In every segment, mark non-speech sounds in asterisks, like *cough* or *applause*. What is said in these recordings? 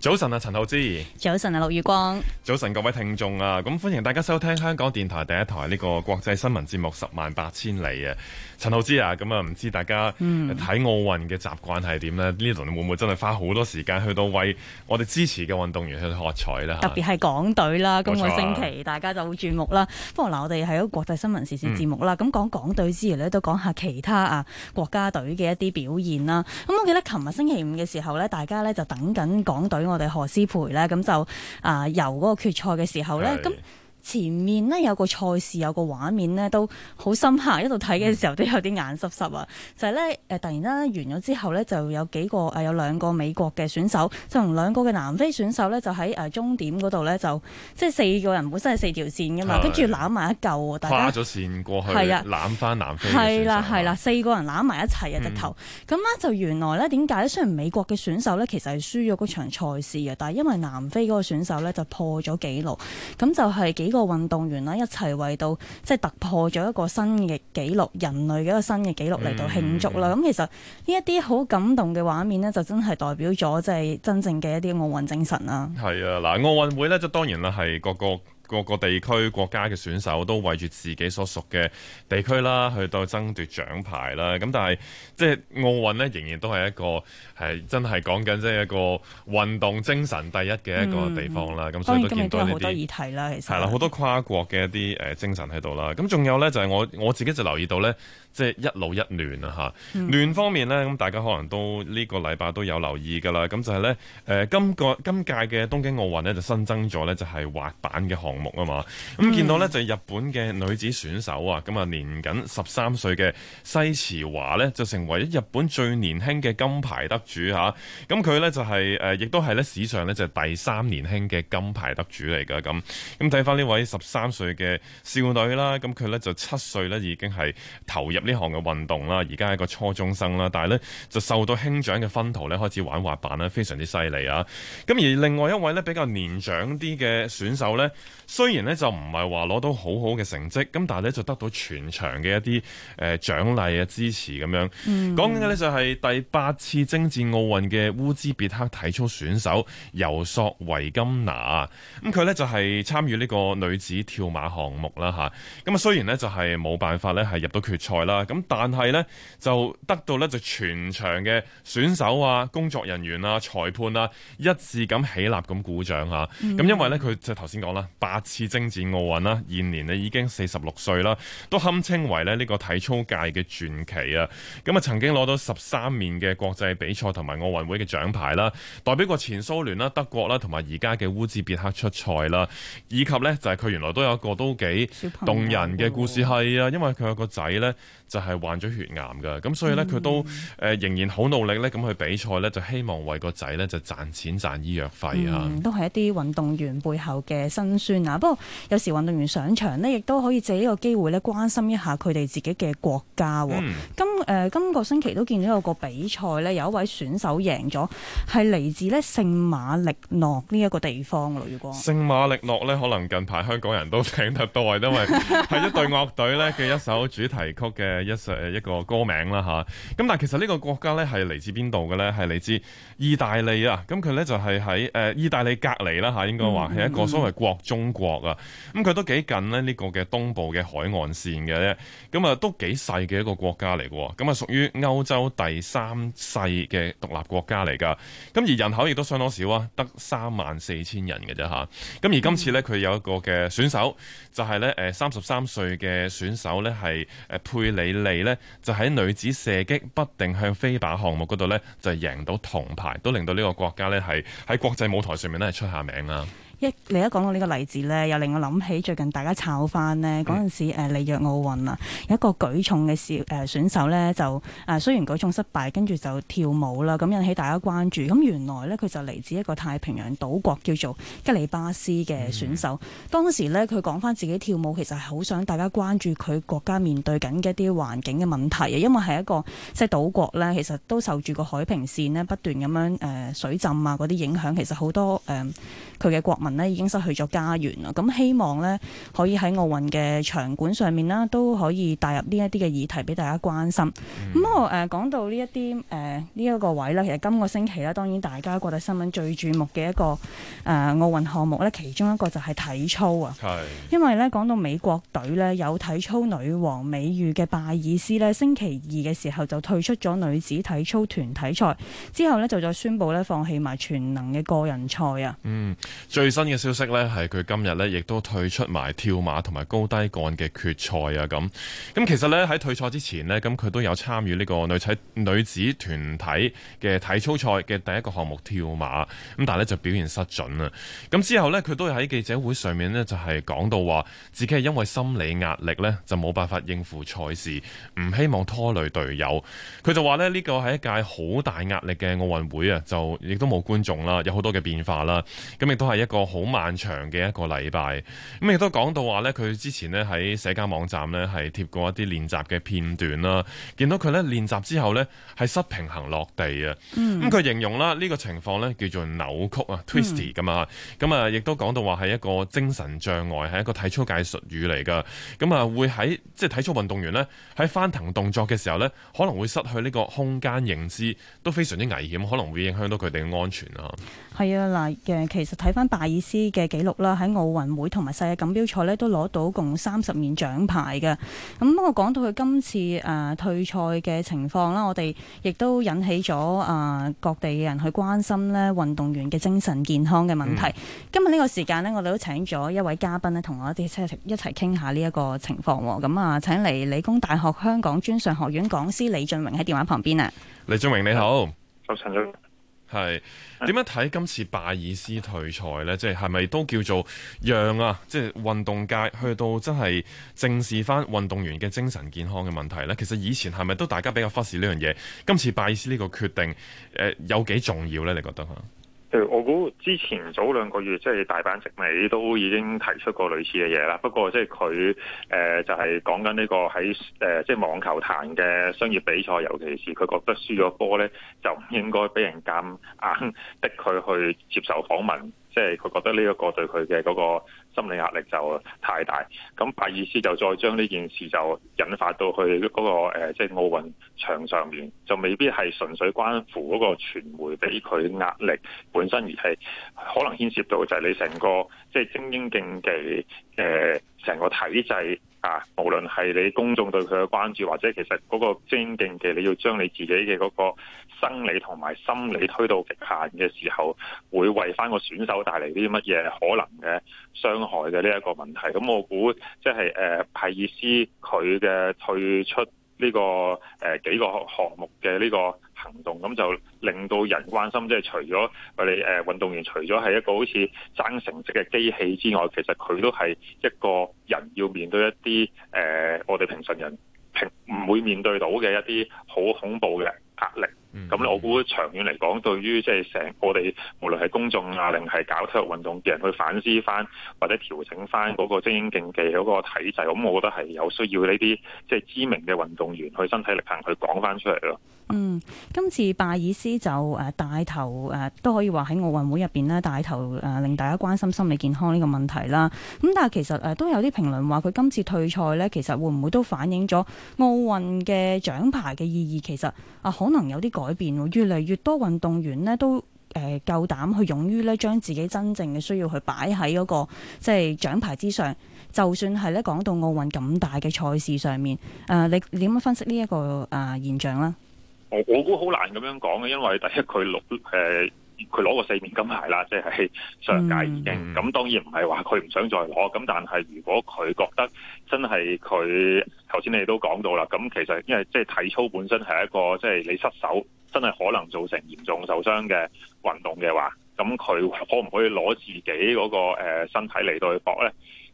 早晨啊，陳浩之。早晨啊，陸月光。早晨，各位聽眾啊，咁歡迎大家收聽香港電台第一台呢個國際新聞節目《十萬八千里》啊。陳浩之啊，咁、嗯、啊，唔、嗯、知大家睇奧運嘅習慣係點咧？呢輪會唔會真係花好多時間去到為我哋支持嘅運動員去喝彩啦，特別係港隊啦，今個星期大家就會注目啦。啊、不過嗱，我哋係一個國際新聞時事節目啦，咁、嗯、講港隊之餘咧，都講下其他啊國家隊嘅一啲表現啦。咁我記得琴日星期五嘅時候咧，大家咧就等緊港隊。我哋何詩蓓咧，咁就啊，游、呃、嗰個決賽嘅時候咧，咁。前面呢，有個賽事，有個畫面呢，都好深刻，一度睇嘅時候都有啲眼濕濕啊、嗯！就係、是、呢，誒，突然之間完咗之後呢，就有幾個、啊、有兩個美國嘅選手就同兩個嘅南非選手呢，就喺誒、啊、終點嗰度呢，就即係四個人本身係四條線㗎嘛，跟住攬埋一嚿，喎，跨咗線過去，攬翻南非。係啦，係啦，四個人攬埋一齊啊！直頭咁呢，就原來呢，點解？雖然美國嘅選手呢，其實係輸咗嗰場賽事啊，但係因為南非嗰個選手呢，就破咗紀錄，咁就係幾。呢、這個運動員啦，一齊為到即係突破咗一個新嘅紀錄，人類嘅一個新嘅紀錄嚟到慶祝啦。咁、嗯、其實呢一啲好感動嘅畫面呢，就真係代表咗即係真正嘅一啲奧運精神啦。係啊，嗱，奧運會呢，就當然啦，係各個。各個地區、國家嘅選手都為住自己所屬嘅地區啦，去到爭奪獎牌啦。咁但係即係奧運咧，仍然都係一個係真係講緊即係一個運動精神第一嘅一個地方啦。咁、嗯、所以都見到好、嗯、多議題啦。其實係啦，好多跨國嘅一啲誒、呃、精神喺度啦。咁仲有咧，就係、是、我我自己就留意到咧。即、就、係、是、一老一嫩啊！吓、嗯、嫩方面咧，咁大家可能都呢、這個禮拜都有留意㗎啦。咁就係、是、咧，誒、呃、今個今屆嘅東京奧運咧就新增咗咧，就係、是、滑板嘅項目啊嘛。咁、嗯、見到咧就係、是、日本嘅女子選手啊，咁啊年僅十三歲嘅西池華咧就成為咗日本最年輕嘅金牌得主吓，咁佢咧就係、是、誒、呃、亦都係咧史上咧就係、是、第三年輕嘅金牌得主嚟㗎。咁咁睇翻呢位十三歲嘅少女啦，咁佢咧就七歲咧已經係投入。呢項嘅運動啦，而家係一個初中生啦，但係咧就受到兄長嘅熏陶咧，開始玩滑板啦，非常之犀利啊！咁而另外一位咧比較年長啲嘅選手咧，雖然咧就唔係話攞到好好嘅成績，咁但係咧就得到全場嘅一啲誒、呃、獎勵啊支持咁樣。嗯、講緊嘅咧就係、是、第八次征戰奧運嘅烏茲別克體操選手尤索維金娜啊！咁佢咧就係、是、參與呢個女子跳馬項目啦吓。咁啊、嗯、雖然咧就係、是、冇辦法咧係入到決賽啦。啊，咁但係呢，就得到呢，就全場嘅選手啊、工作人員啊、裁判啊一致咁起立咁鼓掌吓。咁、嗯、因為呢，佢就係頭先講啦，八次征戰奧運啦，現年咧已經四十六歲啦，都堪稱為咧呢個體操界嘅傳奇啊。咁、嗯、啊曾經攞到十三面嘅國際比賽同埋奧運會嘅獎牌啦、啊，代表過前蘇聯啦、德國啦同埋而家嘅烏茲別克出賽啦、啊，以及呢，就係、是、佢原來都有一個都幾動人嘅故事係啊，啊，因為佢有個仔呢。就係、是、患咗血癌嘅，咁所以呢，佢都誒仍然好努力咧，咁去比賽呢，就希望為個仔呢就賺錢賺醫藥費啊、嗯！都係一啲運動員背後嘅辛酸啊！不過有時運動員上場呢，亦都可以借呢個機會呢，關心一下佢哋自己嘅國家。嗯。今誒、呃、今個星期都見到有個比賽呢，有一位選手贏咗，係嚟自呢聖馬力諾呢一個地方嚟嘅。如果聖馬力諾呢，可能近排香港人都聽得多，因為係一隊樂隊呢嘅一首主題曲嘅。 *laughs* 一誒一個歌名啦嚇，咁但係其實呢個國家咧係嚟自邊度嘅咧？係嚟自意大利啊！咁佢咧就係喺誒意大利隔籬啦嚇，應該話係一個所謂國中國啊！咁佢都幾近咧呢個嘅東部嘅海岸線嘅啫，咁啊都幾細嘅一個國家嚟嘅喎，咁啊屬於歐洲第三細嘅獨立國家嚟㗎。咁而人口亦都相當少啊，得三萬四千人嘅啫嚇。咁而今次咧佢有一個嘅選手，就係咧誒三十三歲嘅選手咧，係誒佩里。利呢就喺女子射擊不定向飛靶項目嗰度呢就係贏到銅牌，都令到呢個國家呢，係喺國際舞台上面呢係出下名啊！一你一講到呢個例子呢，又令我諗起最近大家炒翻呢嗰陣時誒里約奧運啊，有一個舉重嘅選手呢，就誒雖然舉重失敗，跟住就跳舞啦，咁引起大家關注。咁原來呢，佢就嚟自一個太平洋島國，叫做吉里巴斯嘅選手。Mm-hmm. 當時呢，佢講翻自己跳舞，其實係好想大家關注佢國家面對緊嘅一啲環境嘅問題，因為係一個即係、就是、島國呢，其實都受住個海平線呢不斷咁樣、呃、水浸啊嗰啲影響，其實好多誒佢嘅國民，咧已經失去咗家園啦，咁希望呢，可以喺奧運嘅場館上面啦，都可以帶入呢一啲嘅議題俾大家關心。咁、嗯、我誒、呃、講到呢一啲誒呢一個位呢，其實今個星期呢，當然大家國際新聞最注目嘅一個誒、呃、奧運項目呢，其中一個就係體操啊。係。因為呢，講到美國隊呢，有體操女王美譽嘅拜爾斯呢，星期二嘅時候就退出咗女子體操團體賽，之後呢，就再宣布呢，放棄埋全能嘅個人賽啊。嗯，新嘅消息呢，係佢今日呢亦都退出埋跳馬同埋高低槓嘅決賽啊！咁咁其實呢，喺退賽之前呢，咁佢都有參與呢個女仔女子團體嘅體操賽嘅第一個項目跳馬，咁但係呢就表現失準啊！咁之後呢，佢都喺記者會上面呢，就係講到話自己係因為心理壓力呢，就冇辦法應付賽事，唔希望拖累隊友。佢就話呢，呢個係一屆好大壓力嘅奧運會啊，就亦都冇觀眾啦，有好多嘅變化啦，咁亦都係一個。好漫長嘅一個禮拜咁，亦都講到話咧，佢之前咧喺社交網站咧係貼過一啲練習嘅片段啦。見到佢咧練習之後咧係失平衡落地啊。咁、嗯、佢形容啦呢個情況咧叫做扭曲啊、嗯、（twisty） 嘅嘛。咁啊，亦都講到話係一個精神障礙係一個體操界術語嚟噶。咁啊，會喺即係體操運動員咧喺翻騰動作嘅時候咧可能會失去呢個空間認知，都非常之危險，可能會影響到佢哋嘅安全啊。係啊，嗱，其實睇翻大。意思嘅記錄啦，喺奧運會同埋世界錦標賽呢都攞到共三十面獎牌嘅。咁我講到佢今次誒、呃、退賽嘅情況啦，我哋亦都引起咗誒、呃、各地嘅人去關心呢運動員嘅精神健康嘅問題。嗯、今日呢個時間呢，我哋都請咗一位嘉賓呢，同我哋一齊一齊傾下呢一個情況。咁、嗯、啊，請嚟理工大學香港專上學院講師李峻嶸喺電話旁邊啊。李峻嶸你好，係點樣睇今次拜爾斯退賽呢，即係係咪都叫做讓啊？即係運動界去到真係正視返運動員嘅精神健康嘅問題呢？其實以前係咪都大家比較忽視呢樣嘢？今次拜爾斯呢個決定，呃，有幾重要呢？你覺得嚇？誒，我估之前早兩個月，即係大阪直美都已經提出過類似嘅嘢啦。不過就係佢，即係佢誒就係、係、講緊呢個喺誒即係網球壇嘅商業比賽，尤其是佢覺得輸咗波咧，就唔應該俾人咁硬逼佢去接受訪問。即係佢覺得呢一個對佢嘅嗰個心理壓力就太大，咁拜爾斯就再將呢件事就引發到去嗰、那個即係、就是、奧運場上面，就未必係純粹關乎嗰個傳媒俾佢壓力本身，而係可能牽涉到就係你成個即係、就是、精英競技誒成個體制。啊！無論係你公眾對佢嘅關注，或者其實嗰個精英競技你要將你自己嘅嗰個生理同埋心理推到極限嘅時候，會為翻個選手帶嚟啲乜嘢可能嘅傷害嘅呢一個問題。咁我估即係拜爾斯，佢、呃、嘅退出呢、呢個誒、呃、幾個項目嘅呢、呢個行動咁就令到人關心，即係除咗我哋誒運動員，除咗係一個好似爭成績嘅機器之外，其實佢都係一個人要面對一啲誒、呃、我哋平常人平唔會面對到嘅一啲好恐怖嘅壓力。咁、嗯、咧，我估長遠嚟講，對於即係成我哋，無論係公眾啊，定係搞體育運動嘅人，去反思翻，或者調整翻嗰個精英競技嗰、嗰個體制，咁我覺得係有需要呢啲即係知名嘅運動員去身體力行去講翻出嚟咯。嗯，今次拜爾斯就誒帶頭誒、啊、都可以話，喺奧運會入邊咧，帶頭誒令大家關心心理健康呢個問題啦。咁、啊、但係其實誒、啊、都有啲評論話，佢今次退賽咧，其實會唔會都反映咗奧運嘅獎牌嘅意義？其實啊，可能有啲。改變越嚟越多運動員咧都誒夠膽去勇於咧將自己真正嘅需要去擺喺嗰個即係獎牌之上，就算係咧講到奧運咁大嘅賽事上面，誒、呃、你你點樣分析呢、這、一個誒、呃、現象呢？我我估好難咁樣講嘅，因為第一佢錄誒。佢攞過四面金牌啦，即係上屆已經咁，當然唔係話佢唔想再攞咁，但係如果佢覺得真係佢頭先你都講到啦，咁其實因為即係體操本身係一個即係你失手真係可能造成嚴重受傷嘅運動嘅話，咁佢可唔可以攞自己嗰個誒身體嚟到去搏呢？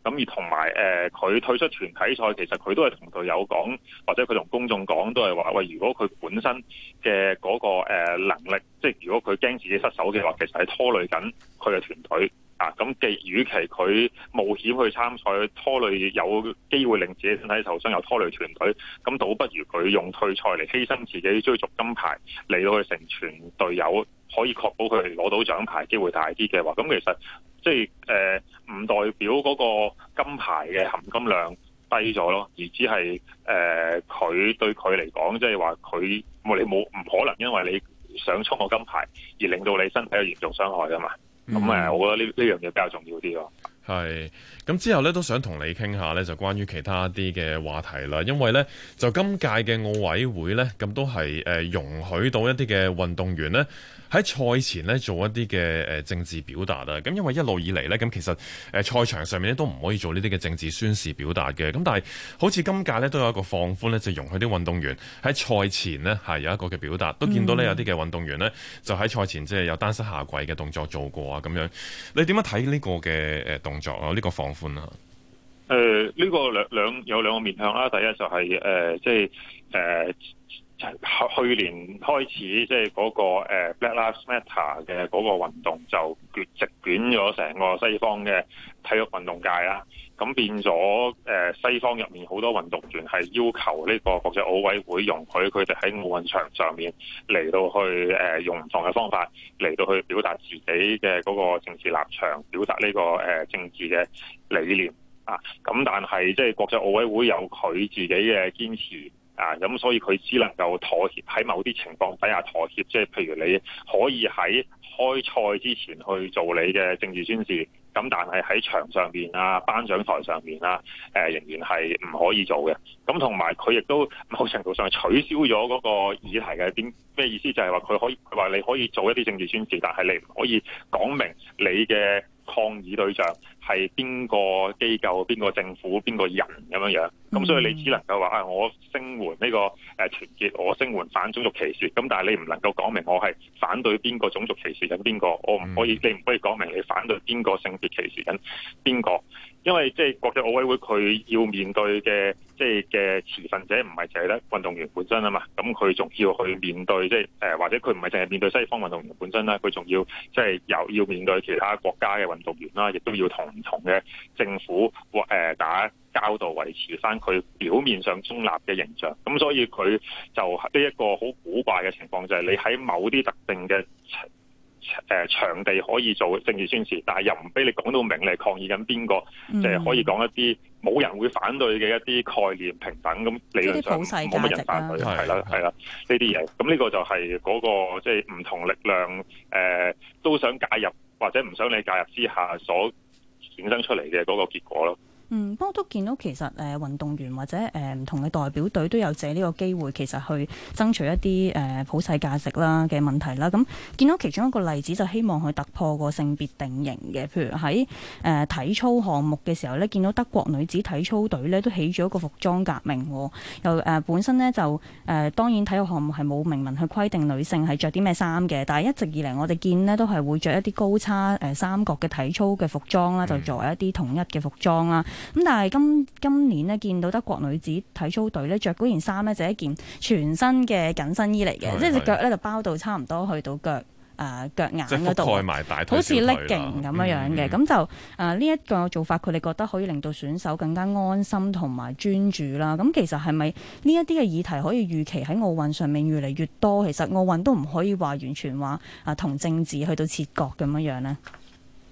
咁而同埋，誒佢退出團體賽，其實佢都係同隊友講，或者佢同公眾講，都係話：喂，如果佢本身嘅嗰個誒能力，即係如果佢驚自己失手嘅話，其實係拖累緊佢嘅團隊啊。咁既，與其佢冒險去參賽，拖累有機會令自己身體受傷，又拖累團隊，咁倒不如佢用退賽嚟犧牲自己追逐金牌，嚟到去成全隊友，可以確保佢攞到獎牌機會大啲嘅話，咁其實即係誒唔代表嗰個。量低咗咯，而只係誒，佢、呃、對佢嚟講，即係話佢，你冇唔可能，因為你想衝個金牌而令到你身體有嚴重傷害噶嘛？咁、嗯、誒，我覺得呢呢樣嘢比較重要啲咯。係，咁之後咧都想同你傾下咧，就關於其他啲嘅話題啦。因為咧，就今屆嘅奧委會咧，咁都係誒、呃、容許到一啲嘅運動員咧。喺賽前咧做一啲嘅誒政治表達啊，咁因為一路以嚟呢，咁其實誒賽場上面咧都唔可以做呢啲嘅政治宣示表達嘅，咁但係好似今屆呢，都有一個放寬呢，就容許啲運動員喺賽前呢係有一個嘅表達，都見到呢，有啲嘅運動員呢就喺賽前即係有單膝下跪嘅動作做過啊咁、嗯、樣。你點樣睇呢個嘅誒動作啊？呢、這個放寬啊？誒、呃、呢、這個兩兩有兩個面向啦，第一就係、是、誒、呃、即係誒。呃去年開始，即係嗰個 Black Lives Matter 嘅嗰個運動就席捲咗成個西方嘅體育運動界啦。咁變咗誒西方入面好多運動員係要求呢個國際奧委會容許佢哋喺奧運場上面嚟到去誒用唔同嘅方法嚟到去表達自己嘅嗰個政治立場，表達呢個誒政治嘅理念啊。咁但係即係國際奧委會有佢自己嘅堅持。啊，咁所以佢只能夠妥協，喺某啲情況底下妥協，即係譬如你可以喺開賽之前去做你嘅政治宣示，咁但係喺場上面啊、頒獎台上面啊，誒仍然係唔可以做嘅。咁同埋佢亦都某程度上取消咗嗰個議題嘅，點咩意思？就係話佢可以話你可以做一啲政治宣示，但係你唔可以講明你嘅抗議對象，係邊個機構、邊個政府、邊個人咁樣樣？咁所以你只能夠話啊，我聲援呢個誒團結，我聲援反種族歧視。咁但係你唔能夠講明我係反對邊個種族歧視緊邊個，我唔可以，你唔可以講明你反對邊個性別歧視緊邊個。因為即係國際奧委會，佢要面對嘅即係嘅持份者唔係淨係咧運動員本身啊嘛，咁佢仲要去面對即係誒，或者佢唔係淨係面對西方運動員本身啦，佢仲要即係又要面對其他國家嘅運動員啦，亦都要同唔同嘅政府或誒打交道，維持翻佢表面上中立嘅形象。咁所以佢就係呢一個好古怪嘅情況，就係你喺某啲特定嘅誒場地可以做政治宣示，但係又唔俾你講到明嚟抗議緊邊個，就係可以講一啲冇人會反對嘅一啲概念，平等，咁，理論上冇乜人反對，係啦係啦呢啲嘢。咁呢個就係嗰、嗰個即係唔同力量誒、呃、都想介入或者唔想你介入之下所衍生出嚟嘅嗰個結果咯。嗯，不過都見到其實誒、呃、運動員或者誒唔、呃、同嘅代表隊都有借呢個機會，其實去爭取一啲誒、呃、普世價值啦嘅問題啦。咁、嗯、見到其中一個例子，就希望去突破個性別定型嘅。譬如喺誒、呃、體操項目嘅時候呢，見到德國女子體操隊呢都起咗一個服裝革命。又誒、呃、本身呢，就誒、呃、當然體育項目係冇明文去規定女性係着啲咩衫嘅，但係一直以嚟我哋見呢都係會着一啲高叉、呃、三角嘅體操嘅服裝啦，就作為一啲統一嘅服裝啦。嗯。咁但係今今年咧，見到德國女子體操隊咧，著嗰件衫咧就一件全身嘅緊身衣嚟嘅，即係隻腳呢，就包到差唔多去到腳誒、呃、腳眼嗰度，好似甩勁咁樣樣嘅。咁、嗯、就誒呢一個做法，佢哋覺得可以令到選手更加安心同埋專注啦。咁、嗯嗯、其實係咪呢一啲嘅議題可以預期喺奧運上面越嚟越多？其實奧運都唔可以話完全話啊、呃、同政治去到切割咁樣樣咧。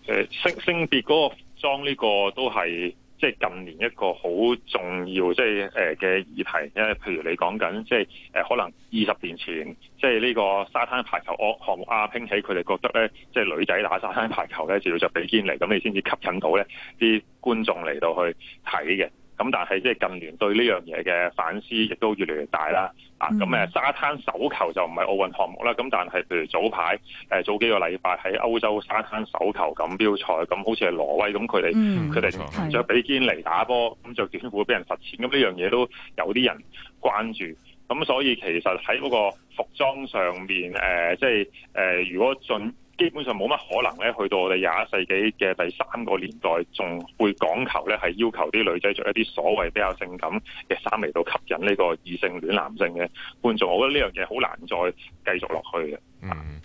誒，性性別嗰個服裝呢個都係。即係近年一個好重要即係誒嘅議題，因為譬如你講緊即係誒可能二十年前即係呢個沙灘排球項項目啊興起，佢哋覺得咧即係女仔打沙灘排球咧就要就比堅尼，咁你先至吸引到咧啲觀眾嚟到去睇嘅。咁但係即係近年對呢樣嘢嘅反思亦都越嚟越大啦，啊咁誒沙灘手球就唔係奧運項目啦，咁但係譬如早排誒早幾個禮拜喺歐洲沙灘手球錦標賽，咁好似係挪威咁，佢哋佢哋着比堅尼打波，咁着條褲會俾人罰錢，咁呢樣嘢都有啲人關注，咁所以其實喺嗰個服裝上面、呃、即係、呃、如果進基本上冇乜可能咧，去到我哋廿一世紀嘅第三個年代，仲會講求咧，係要求啲女仔着一啲所謂比較性感嘅衫嚟到吸引呢個異性戀男性嘅觀眾。我覺得呢樣嘢好難再繼續落去嘅。嗯，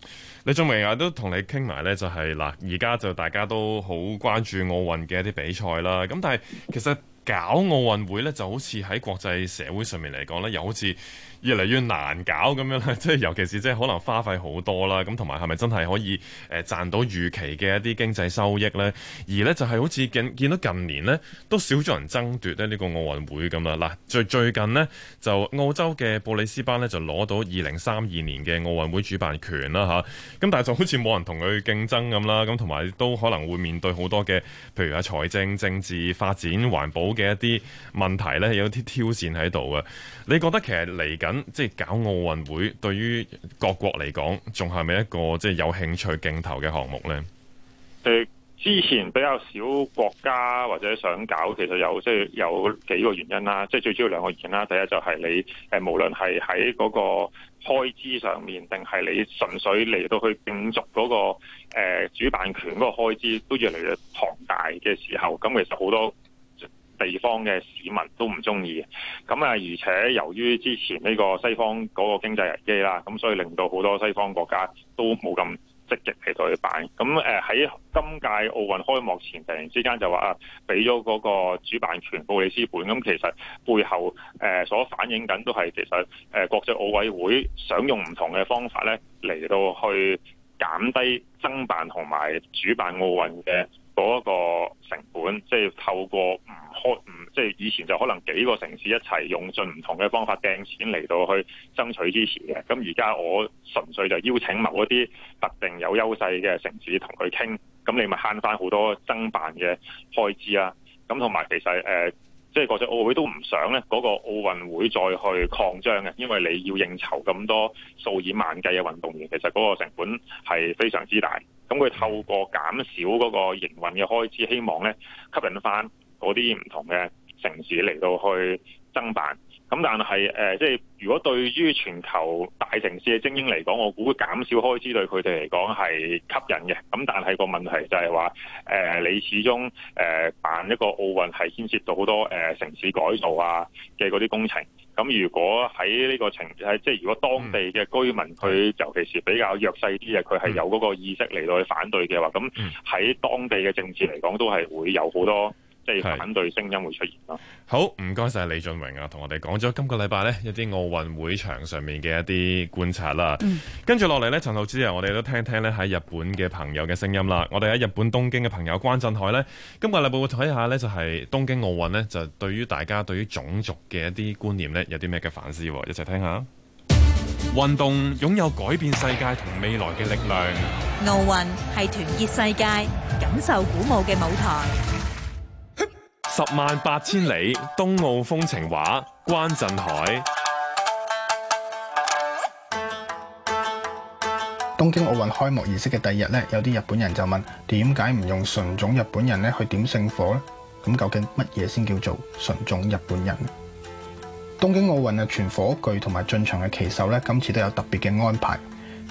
李峻嶸啊，都同你傾埋咧，就係嗱，而家就大家都好關注奧運嘅一啲比賽啦。咁但係其實搞奧運會咧，就好似喺國際社會上面嚟講咧，又好似，越嚟越難搞咁樣啦，即係尤其是即係可能花費好多啦，咁同埋係咪真係可以誒賺到預期嘅一啲經濟收益咧？而咧就係好似見見到近年咧都少咗人爭奪咧呢個奧運會咁啦。嗱，最最近咧就澳洲嘅布里斯班咧就攞到二零三二年嘅奧運會主辦權啦吓，咁但係就好似冇人同佢競爭咁啦，咁同埋都可能會面對好多嘅，譬如啊財政、政治、發展、環保嘅一啲問題咧，有啲挑戰喺度啊，你覺得其實嚟緊。咁即係搞奧運會，對於各國嚟講，仲係咪一個即係有興趣競投嘅項目呢？誒，之前比較少國家或者想搞，其實有即係、就是、有幾個原因啦。即、就、係、是、最主要兩個原因啦。第一就係你誒，無論係喺嗰個開支上面，定係你純粹嚟到去競逐嗰個誒、呃、主辦權嗰個開支，都越嚟越龐大嘅時候，咁其實好多。地方嘅市民都唔中意咁啊，而且由於之前呢個西方嗰個經濟危機啦，咁所以令到好多西方國家都冇咁積極嚟到去辦，咁誒喺今屆奧運開幕前突然之間就話啊，俾咗嗰個主辦權布里斯本。咁其實背後誒所反映緊都係其實誒國際奧委會想用唔同嘅方法咧嚟到去減低爭辦同埋主辦奧運嘅。嗰、那個成本，即係透過唔開唔，即係以前就可能幾個城市一齊用盡唔同嘅方法掟錢嚟到去爭取支持嘅。咁而家我純粹就邀請某一啲特定有優勢嘅城市同佢傾，咁你咪慳返好多爭辦嘅開支啊。咁同埋其實誒。即、就、係、是、國際奧委都唔想咧，嗰個奧運會再去擴張嘅，因為你要應酬咁多數以萬計嘅運動員，其實嗰個成本係非常之大。咁佢透過減少嗰個營運嘅開支，希望咧，吸引翻嗰啲唔同嘅城市嚟到去增辦。咁但係誒、呃，即係如果對於全球大城市嘅精英嚟講，我估減少開支對佢哋嚟講係吸引嘅。咁但係個問題就係話，誒、呃、你始終誒、呃、辦一個奧運係牽涉到好多誒、呃、城市改造啊嘅嗰啲工程。咁如果喺呢個程，係即係如果當地嘅居民佢尤其是比較弱勢啲嘅，佢係有嗰個意識嚟到去反對嘅話，咁喺當地嘅政治嚟講都係會有好多。反對聲音會出現咯。好，唔該晒李峻嶸啊，同我哋講咗今個禮拜呢一啲奧運會場上面嘅一啲觀察啦、嗯。跟住落嚟呢，陳浩之啊，我哋都聽聽呢喺日本嘅朋友嘅聲音啦。我哋喺日本東京嘅朋友關震海呢，今個禮拜會睇下呢就係、是、東京奧運呢，就對於大家對於種族嘅一啲觀念呢，有啲咩嘅反思，一齊聽下。運動擁有改變世界同未來嘅力量。奧運係團結世界、感受鼓舞嘅舞台。十萬八千里，東奧風情畫，關震海。東京奧運開幕儀式嘅第二日咧，有啲日本人就問：點解唔用純種日本人咧去點聖火呢？咁究竟乜嘢先叫做純種日本人呢？東京奧運啊，全火炬同埋進場嘅旗手咧，今次都有特別嘅安排。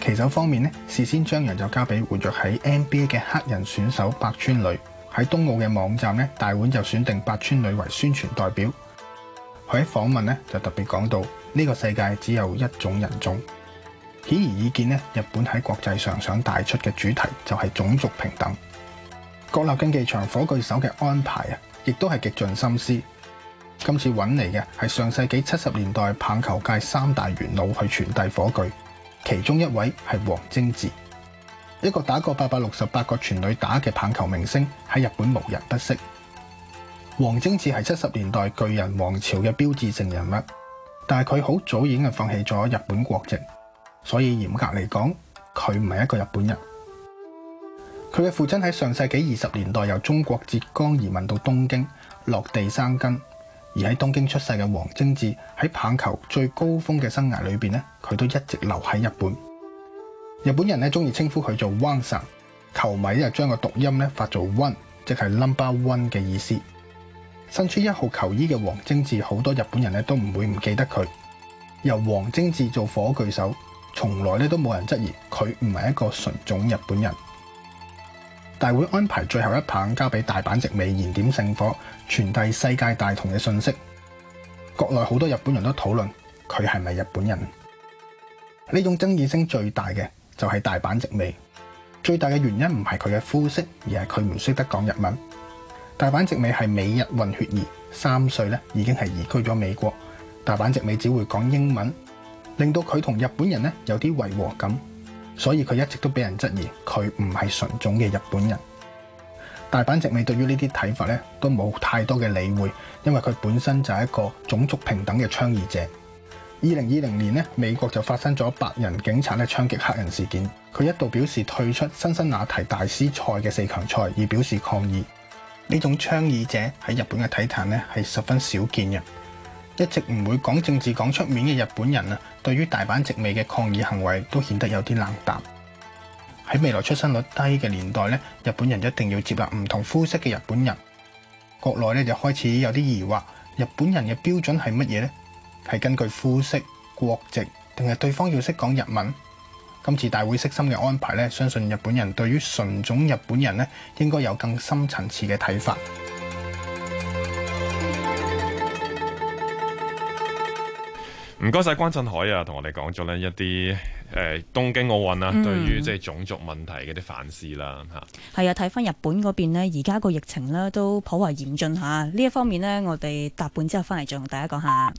旗手方面呢，事先將人就交俾活躍喺 NBA 嘅黑人選手八村壘。喺東奧嘅網站咧，大碗就選定八村塁為宣傳代表。佢喺訪問咧就特別講到，呢、呢個世界只有一種人種。顯而易見咧，日本喺國際上想帶出嘅主題就係種族平等。國立競技場火炬手嘅安排啊，亦都係極盡心思。今次揾嚟嘅係上世紀七十年代棒球界三大元老去傳遞火炬，其中一位係王貞治。一個打過八百六十八個全壘打嘅棒球明星喺日本無人不識。王貞治係七十年代巨人王朝嘅標誌性人物，但係佢好早已經係放棄咗日本國籍，所以嚴格嚟講，佢唔係一個日本人。佢嘅父親喺上世紀二十年代由中國浙江移民到東京落地生根，而喺東京出世嘅王貞治喺棒球最高峰嘅生涯裏邊咧，佢都一直留喺日本。日本人咧中意稱呼佢做 One 神，球迷咧就將個讀音咧發做 One，即係 number one 嘅意思。身穿一號球衣嘅王貞治，好多日本人咧都唔會唔記得佢。由王貞治做火炬手，從來咧都冇人質疑佢唔係一個純種日本人。大會安排最後一棒交俾大坂直美燃點聖火，傳遞世界大同嘅信息。國內好多日本人都討論佢係咪日本人，呢種爭議聲最大嘅，就係大阪直美，最大嘅原因唔係佢嘅膚色，而係佢唔識得講日文。大阪直美係美日混血兒，三歲咧已經係移居咗美國。大阪直美只會講英文，令到佢同日本人咧有啲違和感，所以佢一直都俾人質疑佢唔係純種嘅日本人。大阪直美對於呢啲睇法咧都冇太多嘅理會，因為佢本身就係一個種族平等嘅倡議者。二零二零年咧，美國就發生咗白人警察咧槍擊黑人事件。佢一度表示退出辛辛那提大師賽嘅四強賽，而表示抗議。呢種倡議者喺日本嘅體壇咧係十分少見嘅，一直唔會講政治講出面嘅日本人啊，對於大阪直美嘅抗議行為都顯得有啲冷淡。喺未來出生率低嘅年代咧，日本人一定要接納唔同膚色嘅日本人。國內咧就開始有啲疑惑，日本人嘅標準係乜嘢咧？係根據膚色、國籍，定係對方要識講日文。今次大會悉心嘅安排咧，相信日本人對於純種日本人咧，應該有更深層次嘅睇法。唔該晒，關震海啊，同我哋講咗呢一啲誒東京奧運啊，嗯、對於即係種族問題嗰啲反思啦吓。係啊，睇翻日本嗰邊呢，而家個疫情咧都頗為嚴峻吓。呢一方面呢，我哋答半之後，翻嚟再同大家講下。